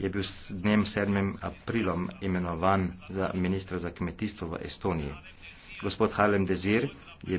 je bil s dnem 7. aprilom imenovan za ministra za kmetijstvo v Estoniji. Gospod Halem Dezir,